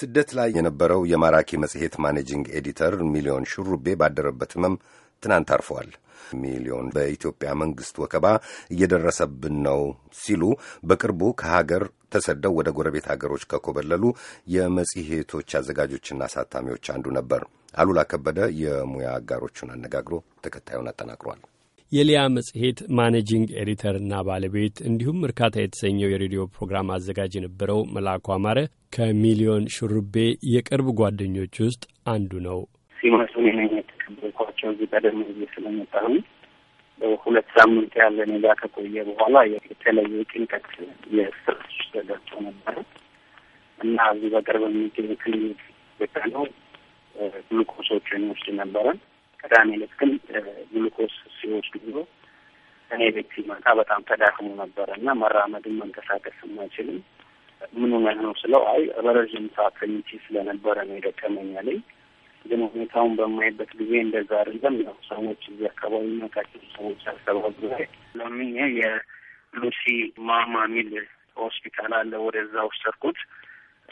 ስደት ላይ የነበረው የማራኪ መጽሔት ማኔጂንግ ኤዲተር ሚሊዮን ሹሩቤ ባደረበት ህመም ትናንት አርፈዋል። ሚሊዮን በኢትዮጵያ መንግስት ወከባ እየደረሰብን ነው ሲሉ በቅርቡ ከሀገር ተሰደው ወደ ጎረቤት ሀገሮች ከኮበለሉ የመጽሔቶች አዘጋጆችና አሳታሚዎች አንዱ ነበር። አሉላ ከበደ የሙያ አጋሮቹን አነጋግሮ ተከታዩን አጠናቅሯል። የሊያ መጽሔት ማኔጂንግ ኤዲተርና ባለቤት እንዲሁም እርካታ የተሰኘው የሬዲዮ ፕሮግራም አዘጋጅ የነበረው መላኩ አማረ ከሚሊዮን ሹሩቤ የቅርብ ጓደኞች ውስጥ አንዱ ነው። ነ የተቀበልኳቸው እዚህ ቀደም ጊዜ ስለመጣሁ ሁለት ሳምንት ያለ ነጋ ከቆየ በኋላ የተለየ ጭንቀት የስርች ተገብቶ ነበረ እና እዚህ በቅርብ የሚገኝ ክሊኒክ ብቻ ነው ግሉኮሶችን ወስድ ነበረ። ቅዳሜ ዕለት ግን ግሉኮስ የሚወስዱ እኔ ቤት ሲመጣ በጣም ተዳክሞ ነበረ እና መራመድም መንቀሳቀስ አይችልም። ምን ሆነህ ነው ስለው አይ በረዥም ሰዓት ተኝቼ ስለነበረ ነው የደከመኝ አለኝ። ግን ሁኔታውን በማይበት ጊዜ እንደዛ አይደለም። ያው ሰዎች እዚህ አካባቢ መካቸው ሰዎች ያሰባሉ ለምኜ የሉሲ ማማ ሚል ሆስፒታል አለ። ወደዛ ወሰድኩት።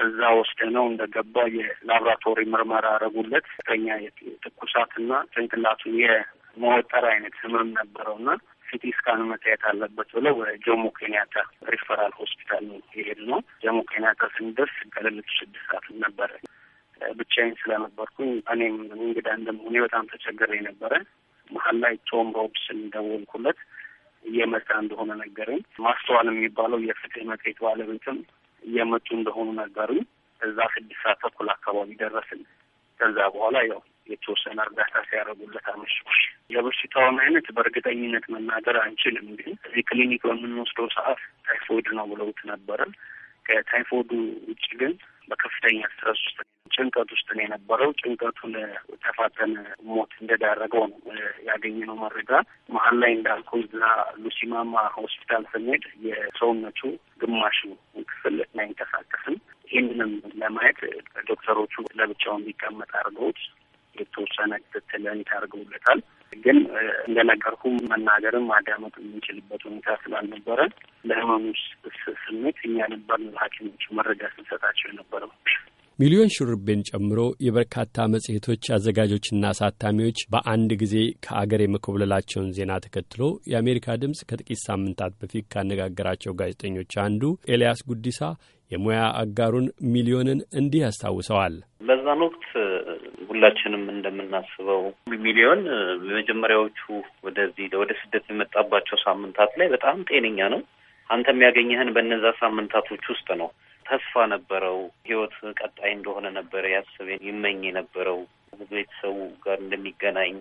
እዛ ወስደ ነው እንደገባ የላብራቶሪ ምርመራ አረጉለት። ተኛ ትኩሳትና ጭንቅላቱ የ መወጠር አይነት ህመም ነበረውና ሲቲ ስካን መታየት አለበት ብለው ወደ ጆሞ ኬንያታ ሪፈራል ሆስፒታል የሄድ ነው። ጆሞ ኬንያታ ስንደርስ ከሌሊቱ ስድስት ሰዓት ነበረ። ብቻዬን ስለነበርኩኝ እኔም እንግዳ እንደመሆኔ በጣም ተቸገረ ነበረ። መሀል ላይ ቶም ሮብስን ደወልኩለት እየመጣ እንደሆነ ነገረኝ። ማስተዋል የሚባለው የፍትህ መጽሔት ባለቤትም እየመጡ እንደሆኑ ነገሩኝ። እዛ ስድስት ሰዓት ተኩል አካባቢ ደረስን። ከዛ በኋላ ያው የተወሰነ እርዳታ ሲያደርጉለት አመሽኩሽ የበሽታውን አይነት በእርግጠኝነት መናገር አንችልም፣ ግን እዚህ ክሊኒክ በምንወስደው ሰዓት ታይፎይድ ነው ብለውት ነበረ። ከታይፎይዱ ውጭ ግን በከፍተኛ ስትረስ ውስጥ ጭንቀት ውስጥ ነው የነበረው። ጭንቀቱን ተፋጠነ ሞት እንደዳረገው ነው ያገኘነው መረጃ። መሀል ላይ እንዳልኩ እዛ ሉሲማማ ሆስፒታል ስንሄድ የሰውነቱ ግማሽ ክፍል አይንቀሳቀስም። ይህንንም ለማየት ዶክተሮቹ ለብቻው እንዲቀመጥ አድርገውት የተወሰነ ክትትል እንዲያደርገውለታል። ግን እንደነገርኩ መናገርም ማዳመጥ የምንችልበት ሁኔታ ስላልነበረ ለህመሙ ስሜት እኛ ነበር ሐኪሞቹ መረጃ ስንሰጣቸው የነበረው። ሚሊዮን ሹርቤን ጨምሮ የበርካታ መጽሔቶች አዘጋጆችና አሳታሚዎች በአንድ ጊዜ ከአገር የመኮብለላቸውን ዜና ተከትሎ የአሜሪካ ድምፅ ከጥቂት ሳምንታት በፊት ካነጋገራቸው ጋዜጠኞች አንዱ ኤልያስ ጉዲሳ የሙያ አጋሩን ሚሊዮንን እንዲህ ያስታውሰዋል። በዛን ወቅት ሁላችንም እንደምናስበው ሚሊዮን የመጀመሪያዎቹ ወደዚህ ወደ ስደት የመጣባቸው ሳምንታት ላይ በጣም ጤነኛ ነው። አንተ የሚያገኘህን በነዛ ሳምንታቶች ውስጥ ነው። ተስፋ ነበረው። ህይወት ቀጣይ እንደሆነ ነበረ ያስብ ይመኝ የነበረው ቤተሰቡ ጋር እንደሚገናኝ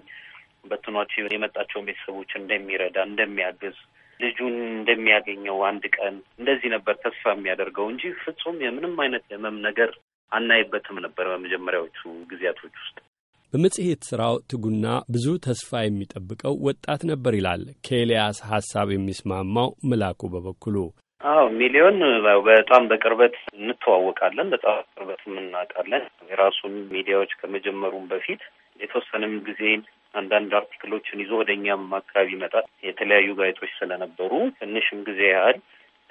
በትኗቸው የመጣቸውን ቤተሰቦች እንደሚረዳ፣ እንደሚያግዝ፣ ልጁን እንደሚያገኘው አንድ ቀን እንደዚህ ነበር ተስፋ የሚያደርገው እንጂ ፍጹም የምንም አይነት ህመም ነገር አናይበትም ነበር በመጀመሪያዎቹ ጊዜያቶች ውስጥ። በመጽሔት ሥራው ትጉና ብዙ ተስፋ የሚጠብቀው ወጣት ነበር ይላል ከኤልያስ ሐሳብ የሚስማማው መላኩ በበኩሉ አዎ ሚሊዮን በጣም በቅርበት እንተዋወቃለን። በጣም በቅርበት እናውቃለን። የራሱን ሚዲያዎች ከመጀመሩም በፊት የተወሰነም ጊዜ አንዳንድ አርቲክሎችን ይዞ ወደ እኛም አካባቢ ይመጣል። የተለያዩ ጋዜጦች ስለነበሩ ትንሽም ጊዜ ያህል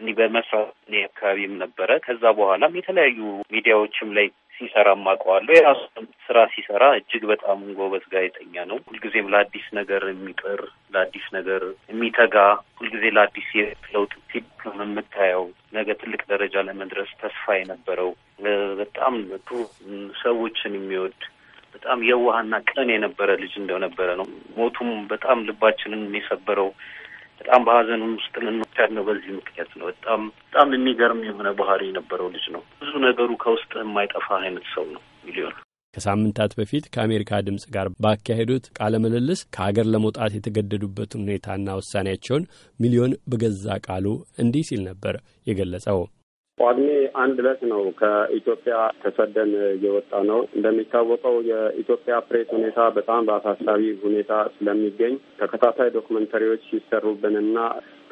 እኒህ በመስራት እኔ አካባቢም ነበረ። ከዛ በኋላም የተለያዩ ሚዲያዎችም ላይ ሲሰራም አውቀዋለሁ። የራሱ ስራ ሲሰራ እጅግ በጣም ጎበዝ ጋዜጠኛ ነው። ሁልጊዜም ለአዲስ ነገር የሚጥር ለአዲስ ነገር የሚተጋ ሁልጊዜ ለአዲስ ለውጥ ሲድክም የምታየው ነገ ትልቅ ደረጃ ለመድረስ ተስፋ የነበረው በጣም ሰዎችን የሚወድ በጣም የዋህና ቅን የነበረ ልጅ እንደነበረ ነው። ሞቱም በጣም ልባችንን የሰበረው በጣም በሀዘን ውስጥ ያልነው በዚህ ምክንያት ነው። በጣም በጣም የሚገርም የሆነ ባህሪ የነበረው ልጅ ነው። ብዙ ነገሩ ከውስጥ የማይጠፋ አይነት ሰው ነው ሚሊዮን ከሳምንታት በፊት ከአሜሪካ ድምፅ ጋር ባካሄዱት ቃለ ምልልስ ከሀገር ለመውጣት የተገደዱበትን ሁኔታና ውሳኔያቸውን ሚሊዮን በገዛ ቃሉ እንዲህ ሲል ነበር የገለጸው። ቋድሜ አንድ ዕለት ነው ከኢትዮጵያ ተሰደን የወጣ ነው። እንደሚታወቀው የኢትዮጵያ ፕሬስ ሁኔታ በጣም በአሳሳቢ ሁኔታ ስለሚገኝ ተከታታይ ዶክመንተሪዎች ሲሰሩብንና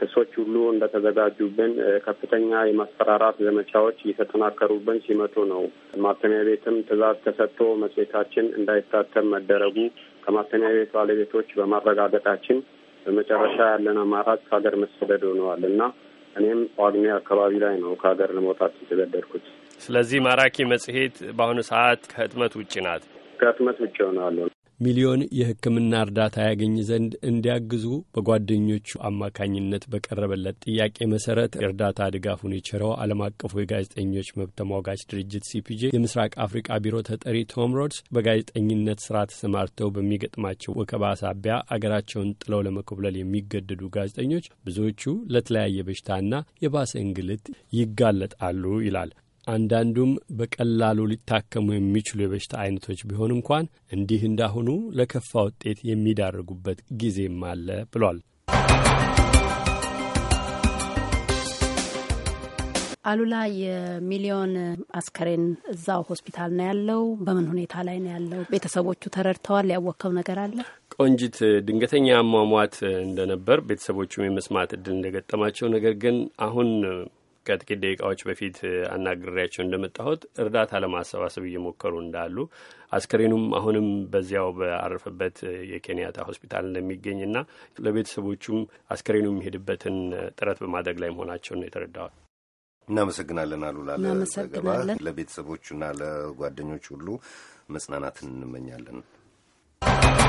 ክሶች ሁሉ እንደተዘጋጁብን ከፍተኛ የማስፈራራት ዘመቻዎች እየተጠናከሩብን ሲመጡ ነው። ማተሚያ ቤትም ትዕዛዝ ተሰጥቶ መጽሔታችን እንዳይታተም መደረጉ ከማተሚያ ቤት ባለቤቶች በማረጋገጣችን በመጨረሻ ያለን አማራጭ ሀገር መሰደድ ሆነዋል እና እኔም ጳጉሜ አካባቢ ላይ ነው ከሀገር ለመውጣት የተገደድኩት። ስለዚህ ማራኪ መጽሔት በአሁኑ ሰዓት ከህትመት ውጭ ናት። ከህትመት ውጭ ሆናለሁ። ሚሊዮን የሕክምና እርዳታ ያገኝ ዘንድ እንዲያግዙ በጓደኞቹ አማካኝነት በቀረበለት ጥያቄ መሰረት የእርዳታ ድጋፉን የቸረው ዓለም አቀፉ የጋዜጠኞች መብት ተሟጋች ድርጅት ሲፒጄ የምስራቅ አፍሪቃ ቢሮ ተጠሪ ቶም ሮድስ በጋዜጠኝነት ስራ ተሰማርተው በሚገጥማቸው ወከባ ሳቢያ አገራቸውን ጥለው ለመኮብለል የሚገደዱ ጋዜጠኞች ብዙዎቹ ለተለያየ በሽታና የባሰ እንግልት ይጋለጣሉ ይላል። አንዳንዱም በቀላሉ ሊታከሙ የሚችሉ የበሽታ አይነቶች ቢሆን እንኳን እንዲህ እንዳሁኑ ለከፋ ውጤት የሚዳርጉበት ጊዜም አለ ብሏል። አሉላ የሚሊዮን አስከሬን እዛው ሆስፒታል ነው ያለው። በምን ሁኔታ ላይ ነው ያለው? ቤተሰቦቹ ተረድተዋል? ያወከው ነገር አለ? ቆንጂት፣ ድንገተኛ አሟሟት እንደነበር ቤተሰቦቹም የመስማት እድል እንደገጠማቸው ነገር ግን አሁን ከጥቂት ደቂቃዎች በፊት አናግሬያቸው እንደመጣሁት እርዳታ ለማሰባሰብ እየሞከሩ እንዳሉ አስከሬኑም አሁንም በዚያው በአረፈበት የኬንያታ ሆስፒታል እንደሚገኝና ለቤተሰቦቹም አስከሬኑ የሚሄድበትን ጥረት በማድረግ ላይ መሆናቸውን ነው የተረዳዋል። እናመሰግናለን አሉላ ለዘገባ። ለቤተሰቦቹና ለጓደኞች ሁሉ መጽናናትን እንመኛለን።